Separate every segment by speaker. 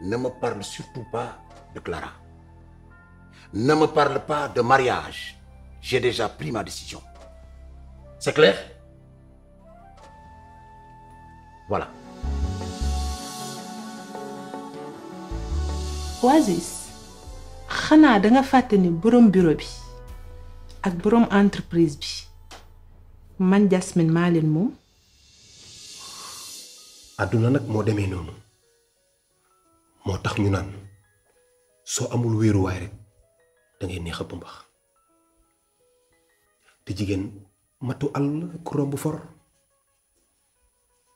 Speaker 1: ne me parle surtout pas de Clara. Ne me parle pas de mariage. J'ai déjà pris ma décision. C'est clair Voilà.
Speaker 2: Oasis xanaa danga nga fàtte ni borom bureau bi ak borom entreprise bi man Jasmine maa leen moom.
Speaker 1: àdduna nag moo demee noonu. moo tax ñu naan soo amul wéeruwaay rek neex a bambax te jigéen matu àll ku romb for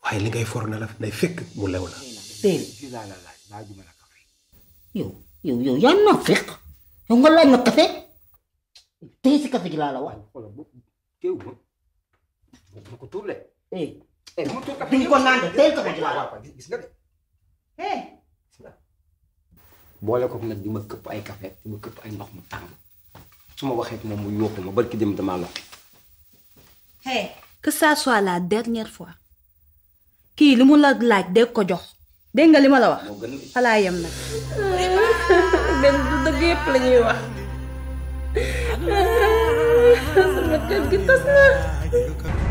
Speaker 1: waaye li ngay for na la nay fekk mu lew la. tey si café gi laa boole ko nag di ma këpp ay café di ma këpp ay ndox mu tàng su ma waxee moom mu yóoxu ma barki dem damaa lox
Speaker 2: hey que la dernière fois kii li mu la laaj dégg ko jox dégg nga li ma la wax xalaa yem nag benn du dëgg yëpp la wax